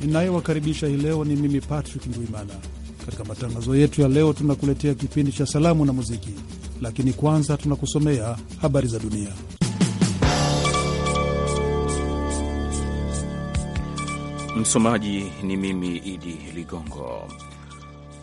ninayewakaribisha hii leo ni mimi Patrick Ndwimana. Katika matangazo yetu ya leo, tunakuletea kipindi cha salamu na muziki, lakini kwanza tunakusomea habari za dunia. Msomaji ni mimi Idi Ligongo.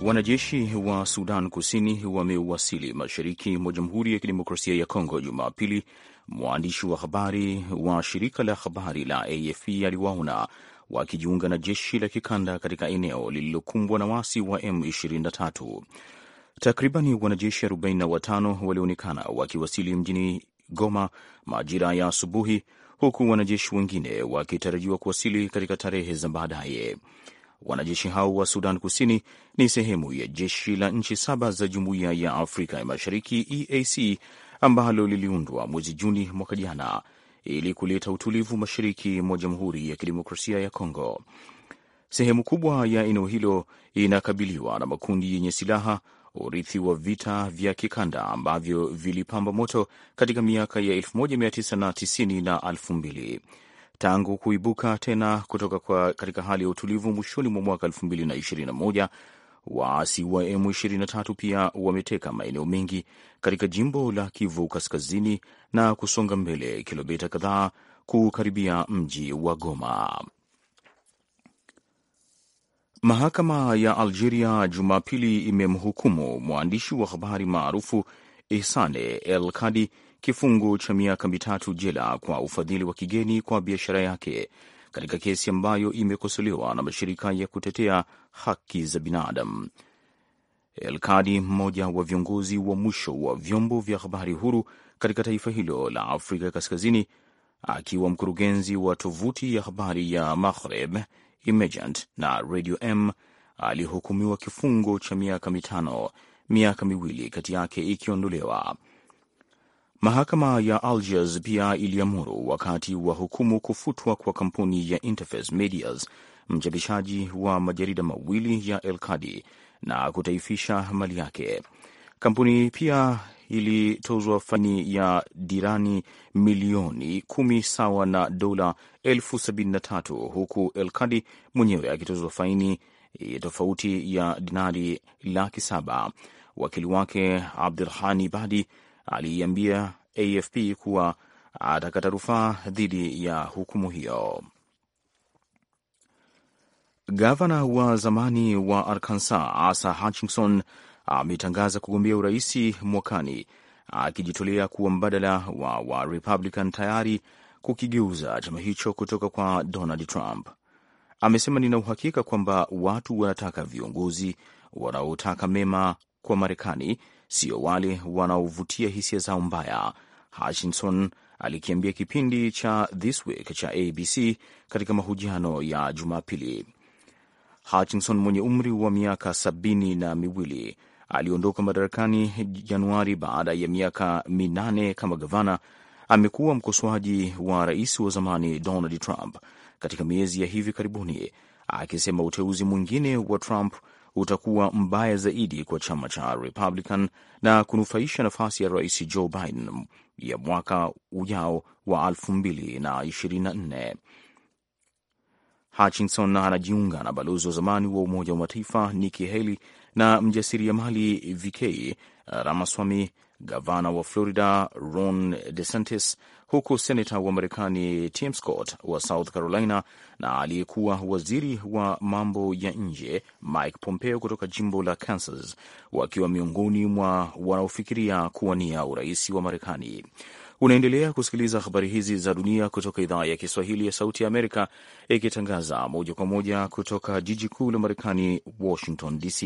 Wanajeshi wa Sudan Kusini wamewasili mashariki mwa Jamhuri ya Kidemokrasia ya Kongo Jumapili. Mwandishi wa habari wa shirika la habari la AFP aliwaona wakijiunga na jeshi la kikanda katika eneo lililokumbwa na wasi wa M23. Takribani wanajeshi 45 walionekana wakiwasili mjini Goma majira ya asubuhi, huku wanajeshi wengine wakitarajiwa kuwasili katika tarehe za baadaye. Wanajeshi hao wa Sudan Kusini ni sehemu ya jeshi la nchi saba za Jumuiya ya Afrika ya Mashariki, EAC, ambalo liliundwa mwezi Juni mwaka jana ili kuleta utulivu mashariki mwa Jamhuri ya Kidemokrasia ya Kongo. Sehemu kubwa ya eneo hilo inakabiliwa na makundi yenye silaha, urithi wa vita vya kikanda ambavyo vilipamba moto katika miaka ya 1990 na 2000. Tangu kuibuka tena kutoka kwa katika hali ya utulivu mwishoni mwa mwaka 2021, Waasi wa M23 pia wameteka maeneo mengi katika jimbo la Kivu Kaskazini na kusonga mbele kilomita kadhaa kukaribia mji wa Goma. Mahakama ya Algeria Jumapili imemhukumu mwandishi wa habari maarufu Ihsane El Kadi kifungo cha miaka mitatu jela kwa ufadhili wa kigeni kwa biashara yake katika kesi ambayo imekosolewa na mashirika ya kutetea haki za binadamu. Elkadi, mmoja wa viongozi wa mwisho wa vyombo vya habari huru katika taifa hilo la Afrika Kaskazini, akiwa mkurugenzi wa tovuti ya habari ya Maghreb Emergent na Radio M, alihukumiwa kifungo cha miaka mitano, miaka miwili kati yake ikiondolewa. Mahakama ya Algiers pia iliamuru wakati wa hukumu kufutwa kwa kampuni ya Interface Medias mchapishaji wa majarida mawili ya Elkadi na kutaifisha mali yake. Kampuni pia ilitozwa faini ya dirani milioni kumi sawa na dola elfu sabini na tatu huku Elkadi mwenyewe akitozwa faini tofauti ya dinari laki saba. Wakili wake Abdulhani Badi aliiambia AFP kuwa atakata rufaa dhidi ya hukumu hiyo. Gavana wa zamani wa Arkansas Asa Hutchinson ametangaza kugombea uraisi mwakani, akijitolea kuwa mbadala wa wa Republican tayari kukigeuza chama hicho kutoka kwa Donald Trump. Amesema, nina uhakika kwamba watu wanataka viongozi wanaotaka mema kwa Marekani, sio wale wanaovutia hisia zao mbaya. Hutchinson alikiambia kipindi cha This Week cha ABC katika mahojiano ya Jumapili. Hutchinson mwenye umri wa miaka sabini na miwili aliondoka madarakani Januari baada ya miaka minane kama gavana. Amekuwa mkosoaji wa rais wa zamani Donald Trump katika miezi ya hivi karibuni, akisema uteuzi mwingine wa Trump utakuwa mbaya zaidi kwa chama cha Republican na kunufaisha nafasi ya rais Joe Biden ya mwaka ujao wa 224 Hutchinson anajiunga na balozi wa zamani wa Umoja wa Mataifa Nikki Haley na mjasiriamali VK uh, Ramaswamy, gavana wa Florida Ron DeSantis, huku senata wa Marekani Tim Scott wa South Carolina na aliyekuwa waziri wa mambo ya nje Mike Pompeo kutoka jimbo la Kansas wakiwa miongoni mwa wanaofikiria kuwania urais wa Marekani. Unaendelea kusikiliza habari hizi za dunia kutoka idhaa ya Kiswahili ya Sauti ya Amerika, ikitangaza moja kwa moja kutoka jiji kuu la Marekani, Washington DC.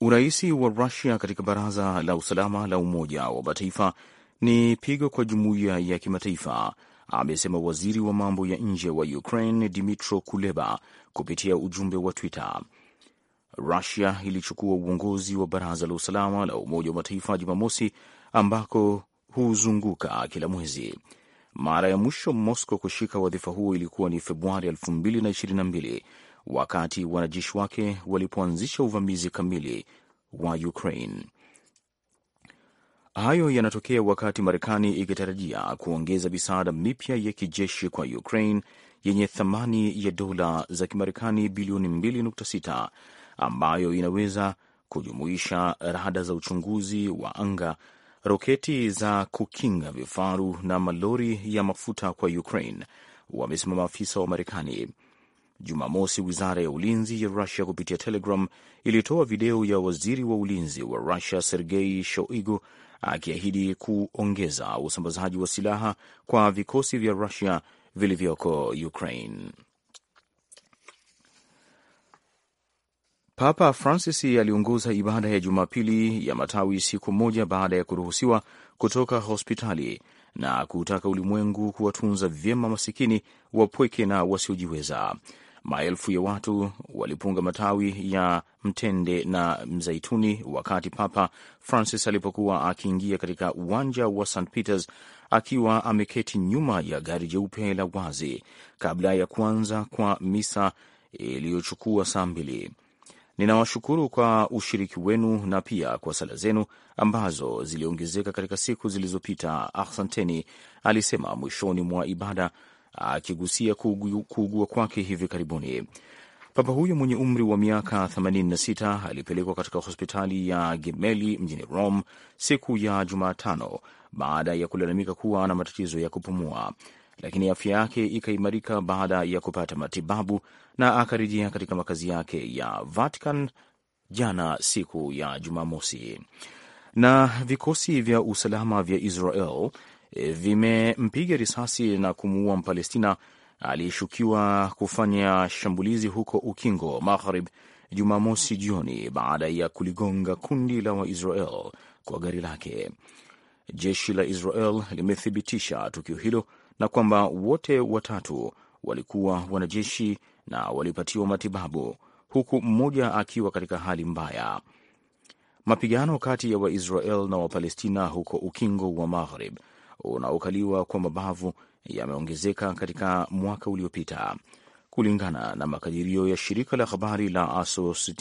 Urais wa Rusia katika Baraza la Usalama la Umoja wa Mataifa ni pigo kwa jumuiya ya kimataifa, amesema waziri wa mambo ya nje wa Ukraine Dmytro Kuleba kupitia ujumbe wa Twitter. Rusia ilichukua uongozi wa Baraza la Usalama la Umoja wa Mataifa Jumamosi ambako huzunguka kila mwezi. Mara ya mwisho Moscow kushika wadhifa huo ilikuwa ni Februari 2022 wakati wanajeshi wake walipoanzisha uvamizi kamili wa Ukraine. Hayo yanatokea wakati Marekani ikitarajia kuongeza misaada mipya ya kijeshi kwa Ukraine yenye thamani ya dola za Kimarekani bilioni 2.6 ambayo inaweza kujumuisha rada za uchunguzi wa anga roketi za kukinga vifaru na malori ya mafuta kwa Ukraine, wamesema maafisa wa Marekani. Jumamosi, wizara ya ulinzi ya Rusia kupitia Telegram ilitoa video ya waziri wa ulinzi wa Rusia Sergei Shoigu akiahidi kuongeza usambazaji wa silaha kwa vikosi vya Rusia vilivyoko Ukraine. Papa Francis aliunguza ibada ya Jumapili ya matawi siku moja baada ya kuruhusiwa kutoka hospitali na kutaka ulimwengu kuwatunza vyema masikini, wapweke na wasiojiweza. Maelfu ya watu walipunga matawi ya mtende na mzeituni wakati Papa Francis alipokuwa akiingia katika uwanja wa St Peters akiwa ameketi nyuma ya gari jeupe la wazi kabla ya kuanza kwa misa iliyochukua saa mbili. Ninawashukuru kwa ushiriki wenu na pia kwa sala zenu ambazo ziliongezeka katika siku zilizopita, asanteni, alisema mwishoni mwa ibada, akigusia kuugua, kwake hivi karibuni. Papa huyo mwenye umri wa miaka 86 alipelekwa katika hospitali ya Gemelli mjini Rome siku ya Jumatano baada ya kulalamika kuwa na matatizo ya kupumua, lakini afya yake ikaimarika baada ya kupata matibabu na akarejea katika makazi yake ya Vatican jana siku ya Jumamosi. Na vikosi vya usalama vya Israel eh, vimempiga risasi na kumuua Mpalestina aliyeshukiwa kufanya shambulizi huko Ukingo Magharib Jumamosi jioni baada ya kuligonga kundi la Waisrael kwa gari lake. Jeshi la Israel limethibitisha tukio hilo na kwamba wote watatu walikuwa wanajeshi na walipatiwa matibabu huku mmoja akiwa katika hali mbaya. Mapigano kati ya Waisrael na Wapalestina huko Ukingo wa Maghrib unaokaliwa kwa mabavu yameongezeka katika mwaka uliopita kulingana na makadirio ya shirika la habari la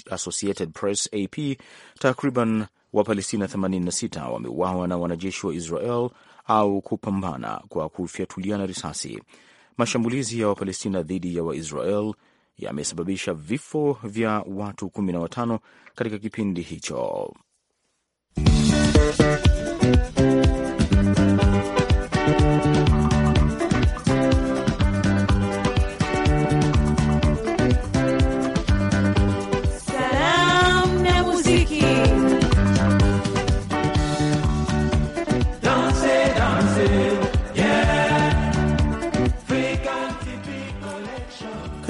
Associated Press AP, takriban Wapalestina 86 wameuawa na wanajeshi wa Israel au kupambana kwa kufyatuliana risasi Mashambulizi ya Wapalestina dhidi ya Waisrael yamesababisha vifo vya watu 15 katika kipindi hicho.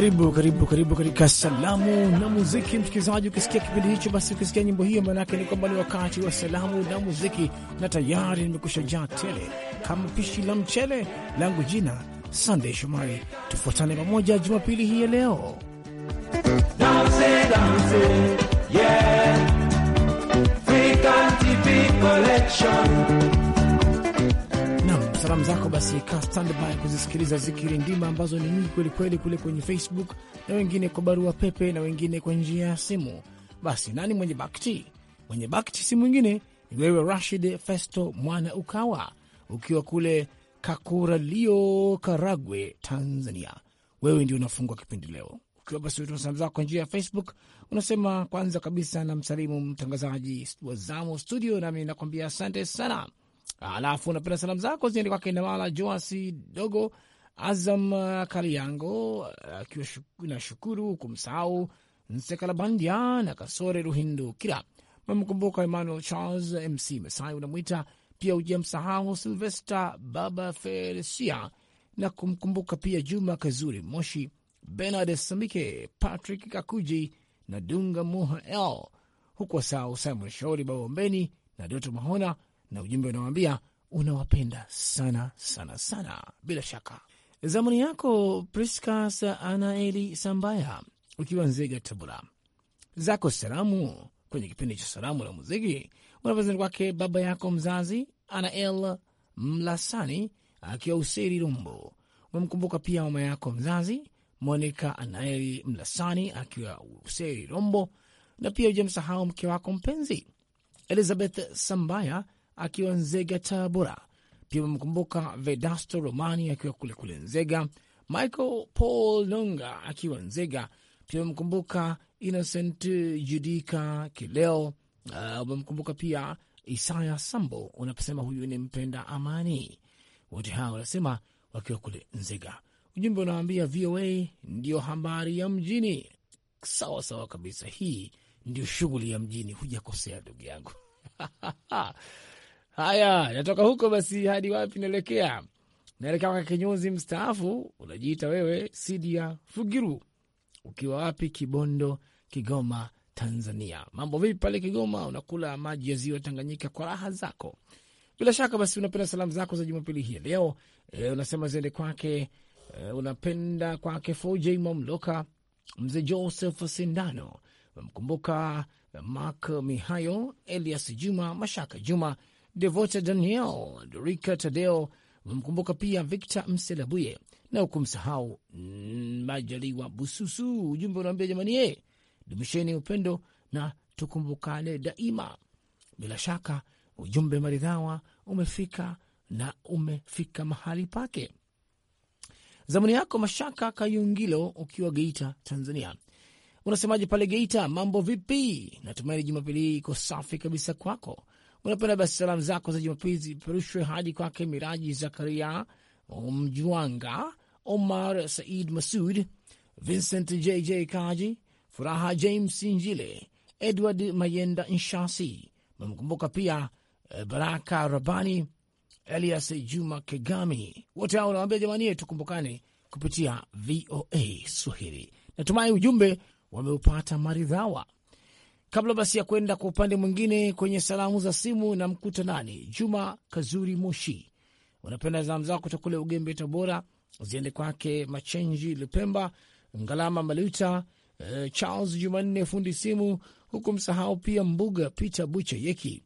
Karibu karibu karibu katika salamu na muziki, msikilizaji. Ukisikia kipindi hicho, basi ukisikia nyimbo hiyo, maanake ni kwamba ni wakati wa salamu na muziki, na tayari nimekusha jaa tele kama pishi la mchele langu. Jina Sandey Shomari, tufuatane pamoja jumapili hii ya leo. dance, dance, yeah basi ka standby kuzisikiliza zikiri ndima ambazo ni nyingi kwelikweli, kule kwenye Facebook na wengine kwa barua pepe na wengine kwa njia ya simu. Basi nani mwenye bakti? Mwenye bakti si mwingine ni wewe Rashid Festo mwana Ukawa, ukiwa kule Kakuralio, Karagwe, Tanzania. Wewe ndio unafungua kipindi leo ukiwa basi utuma salamu zako kwa njia ya Facebook. Unasema kwanza kabisa na msalimu mtangazaji wa zamu studio, nami nakwambia asante sana Alafu napenda salamu zako ziende kwake Nawala Joasi Dogo, Azam uh, Kaliango uh, akiwa na Shukuru kumsahau Nsekalabandia na Kasore Kira, memkumbuka Emmanuel Charles MC Mesai unamwita pia, uja msahau Silvesta Baba Feresia na kumkumbuka pia Juma Kazuri Moshi, Benard Samike, Patrick Kakuji na Dunga Muhael, huku wasahau Simon Shauri Babombeni na Doto Mahona na ujumbe unawaambia unawapenda sana sana sana. Bila shaka zamani yako Priscas Anaeli Sambaya, ukiwa Nzega, Tabora, zako salamu kwenye kipindi cha salamu na muziki unapezani kwake baba yako mzazi Anael Mlasani akiwa Useri Rombo. Umemkumbuka pia mama yako mzazi Monica Anaeli Mlasani akiwa Useri Rombo, na pia ujamsahau mke wako mpenzi Elizabeth Sambaya akiwa Nzega, Tabora. Pia amemkumbuka Vedasto Romani akiwa kule kule Nzega, Michael Paul Nonga akiwa Nzega. Pia amemkumbuka Innocent Judika Kileo. Uh, umemkumbuka pia Isaya Sambo unaposema huyu ni mpenda amani. Wote hawa wanasema wakiwa kule Nzega. Ujumbe unawaambia VOA ndio habari ya mjini. Sawa sawa kabisa, hii ndio shughuli ya mjini, hujakosea ndugu yangu. Haya, natoka huko basi hadi wapi naelekea? Naelekea kwa kinyozi mstaafu, unajiita wewe Sidia Fugiru, ukiwa wapi? Kibondo, Kigoma, Tanzania. Mambo vipi pale Kigoma? Unakula maji ya ziwa Tanganyika kwa raha zako. Bila shaka basi unapenda salamu zako za jumapili hii leo e, unasema ziende kwake e, unapenda kwake Foj Mamloka, mzee Joseph Sindano, mkumbuka Mak Mihayo, Elias Juma, Mashaka Juma Devota Daniel Dorika Tadeo umemkumbuka pia Victor Mselabuye na ukumsahau Majaliwa Bususu. Ujumbe unaambia jamani, ye eh, dumisheni upendo na tukumbukane daima. Bila shaka ujumbe maridhawa umefika na umefika mahali pake. Zamani yako Mashaka Kayungilo ukiwa Geita, Tanzania, unasemaje pale Geita? Mambo vipi? Natumaini jumapili hii iko safi kabisa kwako unapenda basi salamu zako za Jumapili ziperushwe hadi kwake Miraji Zakaria Mjuanga, Omar Said Masud, Vincent JJ Kaji, Furaha James Njile, Edward Mayenda Nshasi. Memkumbuka pia eh, Baraka Rabani, Elias Juma Kegami, wote hao unawambia jamani yetu, kumbukane kupitia VOA Swahili. Natumai ujumbe wameupata maridhawa. Kabla basi ya kwenda kwa upande mwingine kwenye salamu za simu, na mkuta nani Juma Kazuri Moshi, unapenda salamu zako kutoka kule Ugembe, Tabora, ziende kwake Machenji Lupemba, Ngalama Maluta, uh, Charles Jumanne fundi simu, huku msahau pia Mbuga Peter Buche Yeki,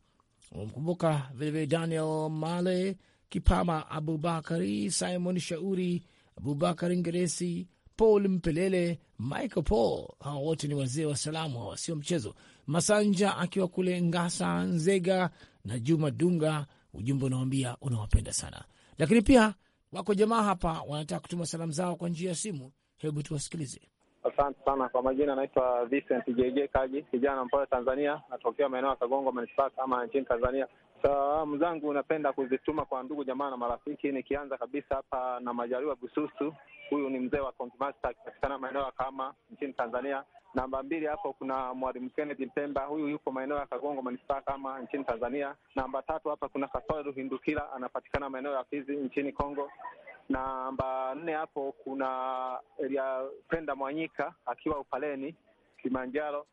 umemkumbuka vilevile Daniel Male Kipama, Abubakari Simon Shauri, Abubakari Ngeresi, Paul Mpelele, Michael Paul, hawa wote ni wazee wa salamu, hawa sio mchezo. Masanja akiwa kule Ngasa, Nzega na Juma Dunga, ujumbe unawambia unawapenda sana. Lakini pia wako jamaa hapa wanataka kutuma salamu zao kwa njia ya simu, hebu tuwasikilize. Asante sana kwa majina, anaitwa Vincent JJ Kaji, kijana mpole Tanzania, natokea maeneo ya Kagongo manispaa kama nchini Tanzania. Salamu zangu napenda kuzituma kwa ndugu jamaa na marafiki, nikianza kabisa hapa na Majaliwa Bususu. Huyu ni mzee wa Kongmaster akipatikana maeneo ya Kahama nchini Tanzania. Namba mbili hapo kuna Mwalimu Kennedy Mpemba, huyu yuko maeneo ya Kagongo manispaa Kahama nchini Tanzania. Namba tatu hapa kuna Kasoru Hindukira anapatikana maeneo ya Fizi nchini Kongo. Namba nne hapo kuna Elia Penda Mwanyika akiwa Upaleni Kilimanjaro.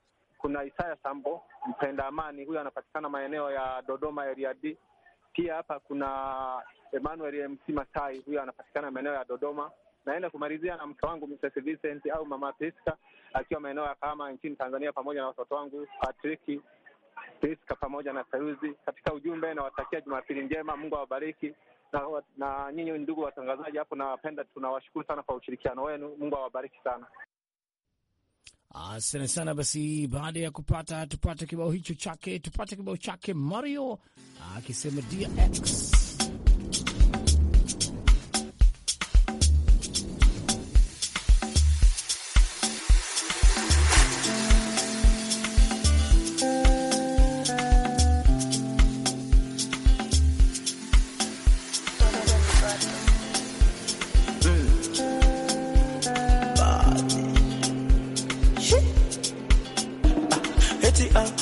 Kuna Isaya Sambo mpenda amani, huyo anapatikana maeneo ya Dodoma area D. Pia hapa kuna Emmanuel MC Masai, huyo anapatikana maeneo ya Dodoma. Naenda kumalizia na mke wangu Mrs. Vincent au mama Priska akiwa maeneo ya Kahama nchini Tanzania, pamoja na watoto wangu Patrick, Priska pamoja na Feruzi. Katika ujumbe nawatakia Jumapili njema, Mungu awabariki na, na nyinyi ndugu watangazaji hapo, nawapenda, tunawashukuru sana kwa ushirikiano wenu. Mungu awabariki sana. Asante sana. Basi baada ya kupata tupate kibao hicho chake, tupate kibao chake Mario akisema DX. X. see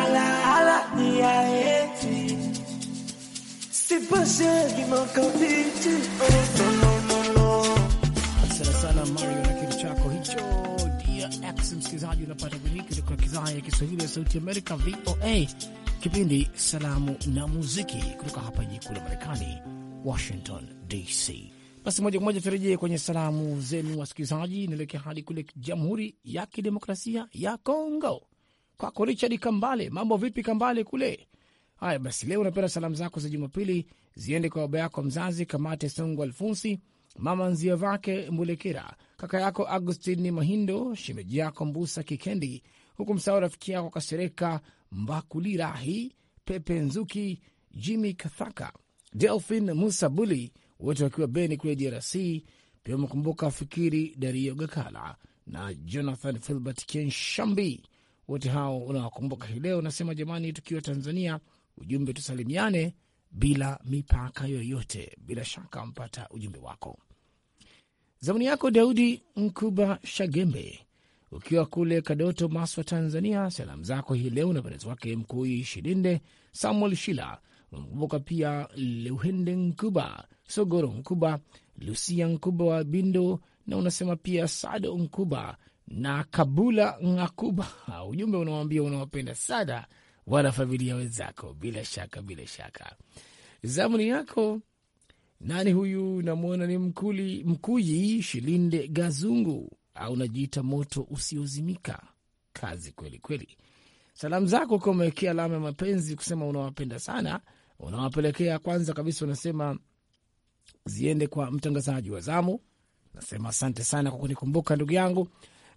Hala ni ya eti C'est pas celle qui Oh non non non Asante sana Mario na kitu chako hicho Dear X msikilizaji unapata kwenye kutoka idhaa ya Kiswahili ya Sauti Amerika VOA kipindi Salamu na Muziki kutoka hapa jiji kuu la Marekani Washington DC basi moja kwa moja turejee kwenye salamu zenu wasikilizaji, naelekea hadi kule Jamhuri ya Kidemokrasia ya Kongo kwako Richard Kambale. Mambo vipi Kambale kule? Haya basi, leo unapenda salamu zako za Jumapili ziende kwa baba yako mzazi Kamate Songo Alfonsi, mama nzia vake Mbulekera, kaka yako Agustini Mahindo, shemeji yako Mbusa Kikendi, huku msahau rafiki yako Kasereka Mbakulirahi, Pepe Nzuki, Jimmy Kathaka, Delphin Musa Buli, wote wakiwa Beni kule DRC. Pia umekumbuka Fikiri Dario Gakala na Jonathan Filbert Kenshambi wote hao unawakumbuka hii leo. nasema jamani, tukiwa Tanzania, ujumbe tusalimiane bila mipaka yoyote. Bila shaka mpata ujumbe wako. Zamani yako Daudi Nkuba Shagembe, ukiwa kule Kadoto, Maswa, Tanzania. Salamu zako hii leo na penezi wake Mkuu Shilinde, Samuel Shila, unakumbuka pia Luhende Nkuba, Sogoro Nkuba, Lusia Nkuba wa Bindo, na unasema pia Sado Nkuba na Kabula Ngakuba, ujumbe unawambia unawapenda sana wana familia wenzako. Bila shaka, bila shaka, zamu ni yako nani huyu? Namwona ni mkuli Mkuyi Shilinde Gazungu, au najiita moto usiozimika. Kazi kweli kweli. Salamu zako ukiwa umewekea alama ya mapenzi kusema unawapenda sana, unawapelekea kwanza kabisa, unasema ziende kwa mtangazaji wa zamu. Nasema asante sana kwa kunikumbuka ndugu yangu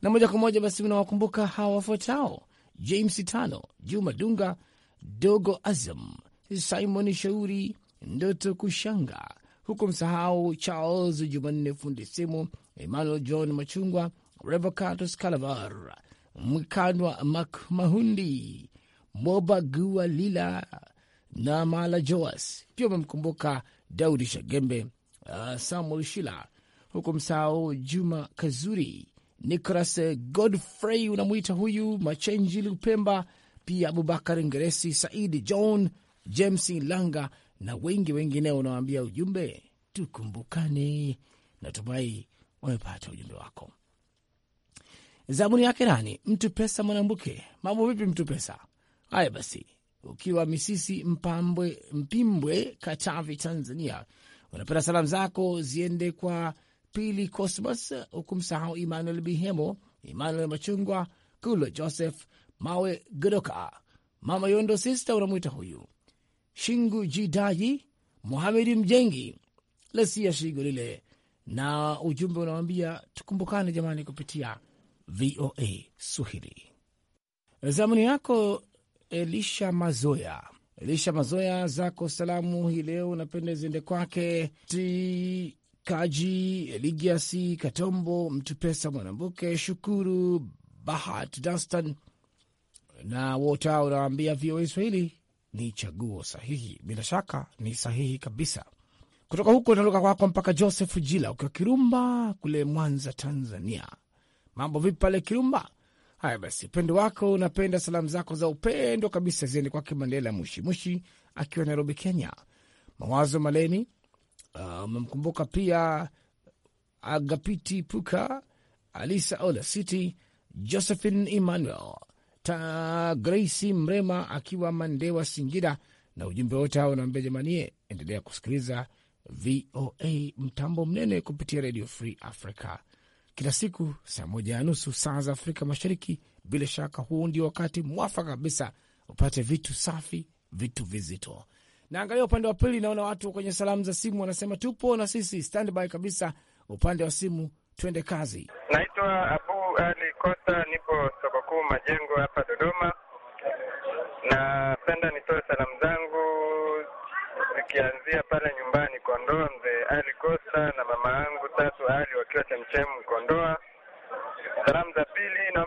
na moja kwa moja basi unawakumbuka hawa wafuatao: James Tano, Juma Dunga, Dogo Azam, Simon Shauri, Ndoto Kushanga, huku msahau Charles Jumanne fundi simu, Emmanuel John Machungwa, Revocatus Calavar, Mkanwa Mahundi, Moba Gua Lila na Mala Joas. Pia umemkumbuka Daudi Shagembe, uh, Samuel Shila, huku msahau Juma Kazuri Nicolas Godfrey unamwita huyu Machenji Lupemba, pia Abubakar Ngeresi, Saidi John, James Langa na wengi wengineo. Unawaambia ujumbe tukumbukane. Natumai wamepata ujumbe wako. Zabuni yake nani? Mtu Pesa Mwanambuke, mambo vipi Mtu Pesa? Haya basi, ukiwa Misisi Mpambwe, Mpimbwe, Katavi, Tanzania, unapenda salamu zako ziende kwa Pili Cosmas, msahau Emmanuel Bihemo, Emmanuel Machungwa, Kula Joseph Mawe, Godoka Mama Yondo, Sista unamwita huyu Shingu Jidaji, Muhamedi Mjengi, Lesia shigo lile na ujumbe unawambia tukumbukane jamani, kupitia VOA Swahili. Zamani yako Elisha Mazoya, Elisha Mazoya, zako salamu hii leo unapenda ziende kwake ti Kaji Eligiasi Katombo, Mtu Pesa Mwanambuke, Shukuru Bahat Dastan na wote hao unawaambia VOA Swahili ni chaguo sahihi. Bila shaka ni sahihi kabisa. Kutoka huko naluka kwako mpaka Joseph Jila ukiwa Kirumba kule Mwanza, Tanzania. Mambo vipi pale Kirumba? Haya basi, upendo wako unapenda salamu zako za upendo kabisa ziende kwake Mandela Mushimushi akiwa Nairobi, Kenya. Mawazo Maleni Amemkumbuka ah, uh, pia Agapiti Puka, Alisa ola city Josephine Emmanuel ta Grace Mrema akiwa Mandewa, Singida. Na ujumbe wote hao unaambia jamanie, endelea kusikiliza VOA mtambo mnene kupitia Radio Free Africa kila siku saa moja ya nusu saa za Afrika Mashariki. Bila shaka huu ndio wakati mwafaka kabisa upate vitu safi, vitu vizito. Naangalia upande wa pili, naona watu kwenye salamu za simu wanasema tupo na sisi standby kabisa, upande wa simu twende kazi. Naitwa Abu Ali kosa nipo soko kuu Majengo hapa Dodoma. Napenda nitoe salamu zangu zikianzia pale nyumbani Kondoa, mzee Ali kosa na mama yangu Tatu Ali wakiwa Chemchemu Kondoa. Salamu za pili na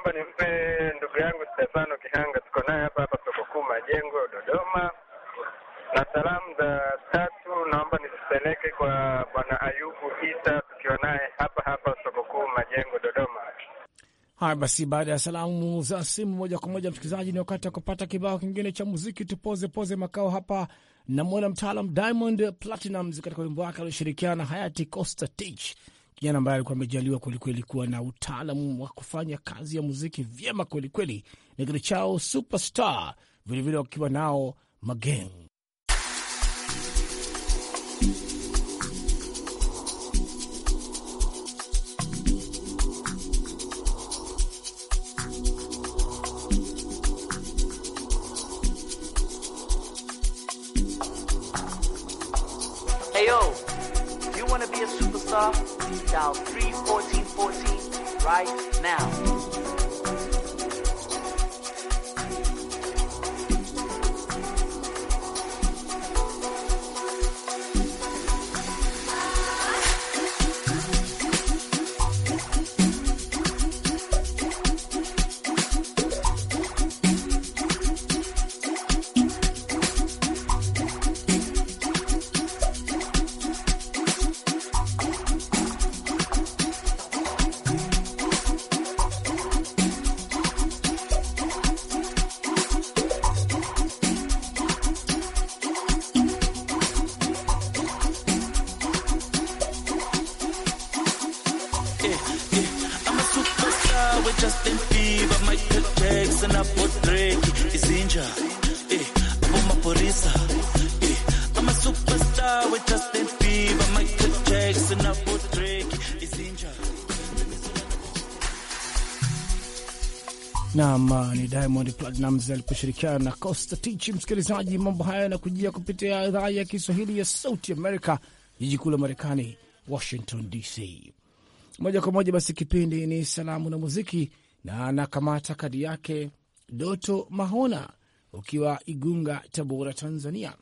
Haya basi, baada ya salamu za simu moja kwa moja, msikilizaji, ni wakati wa kupata kibao kingine cha muziki. Tupoze poze makao hapa namwona mtaalam Diamond Platinumz katika wimbo wake alioshirikiana na hayati Costa Titch, kijana ambaye alikuwa amejaliwa kwelikweli kuwa na utaalamu wa kufanya kazi ya muziki vyema kwelikweli, na kitu chao Superstar vilevile wakiwa nao Mageng. dial 31414 right now. Nam ni Diamond Platnumz aliposhirikiana na Costa Tichi. Msikilizaji, mambo haya yanakujia kupitia idhaa ya Kiswahili ya Sauti Amerika, jiji kuu la Marekani, Washington DC. Moja kwa moja basi, kipindi ni Salamu na Muziki na anakamata kadi yake Doto Mahona ukiwa Igunga, Tabora, Tanzania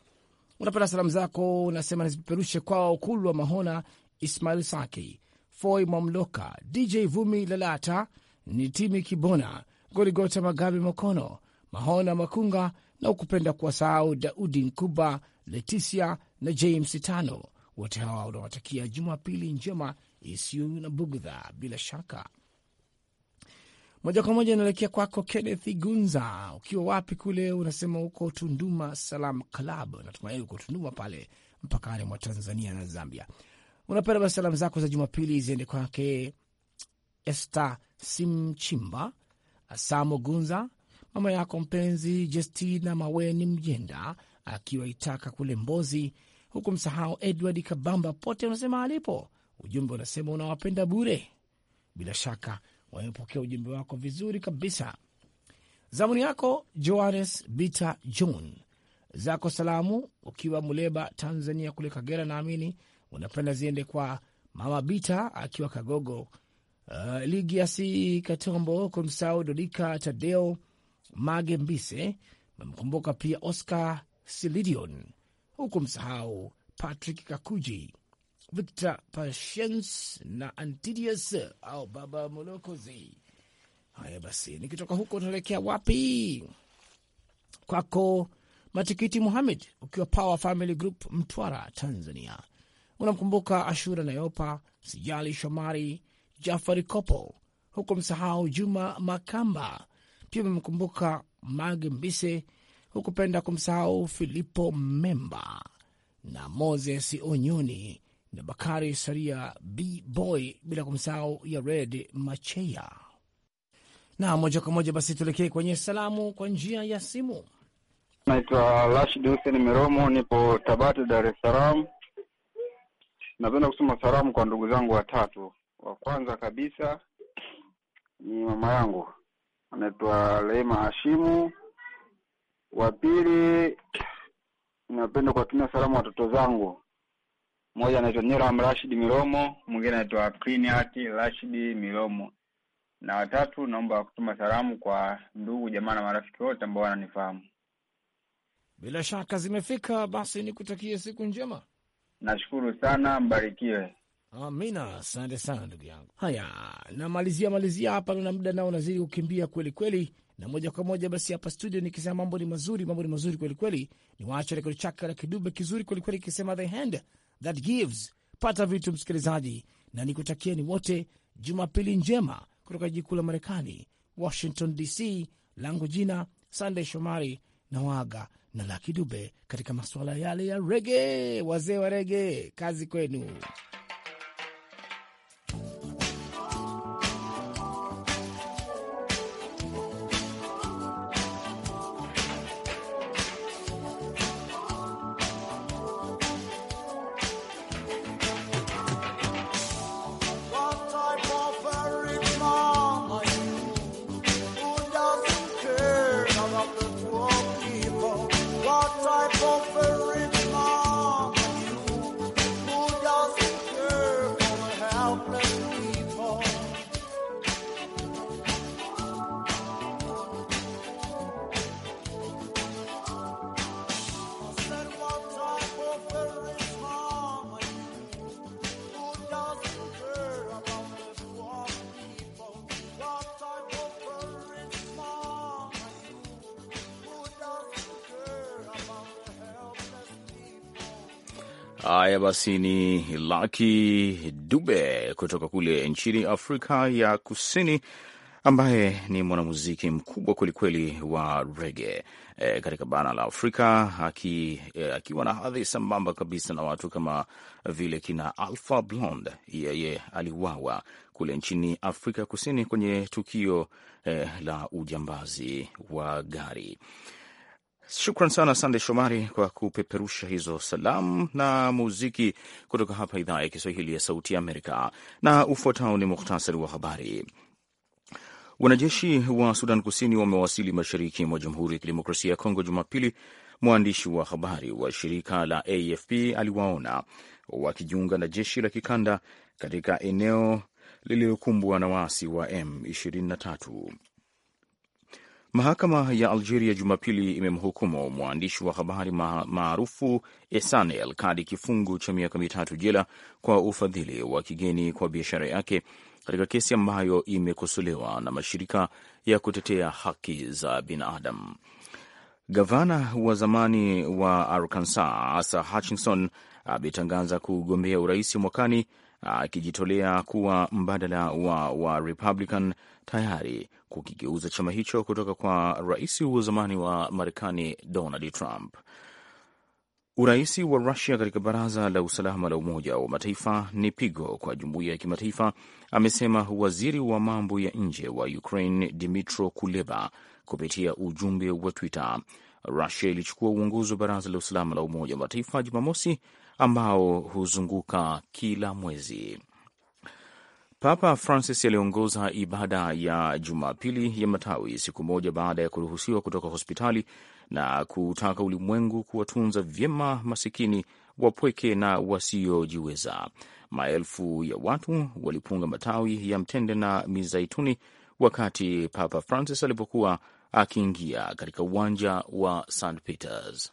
unapata salamu zako, unasema nizipeperushe kwao: Kulwa Mahona, Ismail Saki, Foi Mwamloka, DJ Vumi Lalata, Nitimi Kibona, Gorigota Magabi Makono Mahona Makunga, na ukupenda kuwasahau Daudi Nkuba, Leticia na James Tano. Wote hawa unawatakia Jumapili njema isiyo na bugdha, bila shaka moja kwa moja inaelekea kwako Kenneth Gunza, ukiwa wapi kule? Unasema huko Tunduma Salam Club, natumai uko Tunduma pale mpakani mwa Tanzania na Zambia. Unapenda basi salamu zako za Jumapili ziende kwake Esta Simchimba, Asamo Gunza, mama yako mpenzi Justina Maweni Mjenda akiwa itaka kule Mbozi, huku msahau Edward Kabamba pote unasema alipo. Ujumbe unasema unawapenda bure. Bila shaka wamepokea ujumbe wako vizuri kabisa. Zamuni yako Johannes Bita John, zako salamu ukiwa Muleba, Tanzania kule Kagera, naamini unapenda ziende kwa mama Bita akiwa Kagogo. Uh, Ligiasi Katombo Komsau, Dodika Tadeo Mage Mbise memkumbuka pia Oscar Silidion, huku msahau Patrick Kakuji Victor Patience na Antidius au Baba Molokozi. Haya basi, nikitoka huko tunaelekea wapi? Kwako Matikiti Muhamed, ukiwa Power Family Group, Mtwara, Tanzania. Unamkumbuka Ashura Nayopa, Sijali Shomari, Jafari Kopo, huku msahau Juma Makamba. Pia umemkumbuka Mage Mbise, hukupenda kumsahau Filipo Memba na Moses Onyoni na Bakari Saria B Boy, bila kumsahau ya Red Macheya. Na moja kwa moja basi tuelekee kwenye salamu kwa njia ya simu. Naitwa Rashid huseni Miromo, nipo Tabata, Dar es Salaam. Napenda kusoma salamu kwa ndugu zangu watatu. Wa kwanza kabisa ni mama yangu anaitwa Leima Hashimu. Wa pili napenda kuwatumia salamu watoto zangu mmoja anaitwa Niram Rashid Milomo, mwingine anaitwa Cleanart Rashid Milomo, na watatu naomba kutuma salamu kwa ndugu jamaa na marafiki wote ambao wananifahamu. Bila shaka zimefika. Basi nikutakie siku njema, nashukuru sana, mbarikiwe. Amina, asante sana ndugu yangu. Haya, namalizia malizia hapa, na muda nao unazidi kukimbia kweli kweli, na moja kwa moja basi hapa studio nikisema mambo ni mazuri, mambo ni mazuri kweli kweli, niwaache rekodi chake la kidube kizuri kweli kweli, kisema the hand that gives. Pata vitu msikilizaji, na nikutakieni wote Jumapili njema kutoka jiji kuu la Marekani, Washington DC. Langu jina Sandey Shomari na waga na Laki Dube katika masuala yale ya rege. Wazee wa rege, kazi kwenu. Haya basi, ni Lucky Dube kutoka kule nchini Afrika ya Kusini, ambaye ni mwanamuziki mkubwa kwelikweli wa rege e, katika bara la Afrika aki, e, akiwa na hadhi sambamba kabisa na watu kama vile kina Alpha Blondy. Yeye aliwawa kule nchini Afrika Kusini kwenye tukio e, la ujambazi wa gari. Shukran sana Sande Shomari kwa kupeperusha hizo salamu na muziki kutoka hapa idhaa ya Kiswahili ya Sauti ya Amerika. Na ufuatao ni muhtasari wa habari. Wanajeshi wa Sudan Kusini wamewasili mashariki mwa Jamhuri ya Kidemokrasia ya Kongo Jumapili. Mwandishi wa habari wa shirika la AFP aliwaona wakijiunga na jeshi la kikanda katika eneo lililokumbwa na waasi wa M23. Mahakama ya Algeria Jumapili imemhukumu mwandishi wa habari maarufu Ehsan El Kadi kifungo cha miaka mitatu jela kwa ufadhili wa kigeni kwa biashara yake katika kesi ambayo imekosolewa na mashirika ya kutetea haki za binadamu. Gavana wa zamani wa Arkansas Asa Hutchinson ametangaza kugombea urais mwakani akijitolea kuwa mbadala wa, wa Republican tayari kukigeuza chama hicho kutoka kwa rais wa zamani wa Marekani Donald Trump. Urais wa Rusia katika baraza la usalama la Umoja wa Mataifa ni pigo kwa jumuiya ya kimataifa, amesema waziri wa mambo ya nje wa Ukraine Dmytro Kuleba kupitia ujumbe wa Twitter. Rusia ilichukua uongozi wa baraza la usalama la Umoja wa Mataifa Jumamosi ambao huzunguka kila mwezi. Papa Francis aliongoza ibada ya Jumapili ya Matawi siku moja baada ya kuruhusiwa kutoka hospitali na kutaka ulimwengu kuwatunza vyema masikini, wapweke na wasiojiweza. Maelfu ya watu walipunga matawi ya mtende na mizaituni wakati Papa Francis alipokuwa akiingia katika uwanja wa St Peters.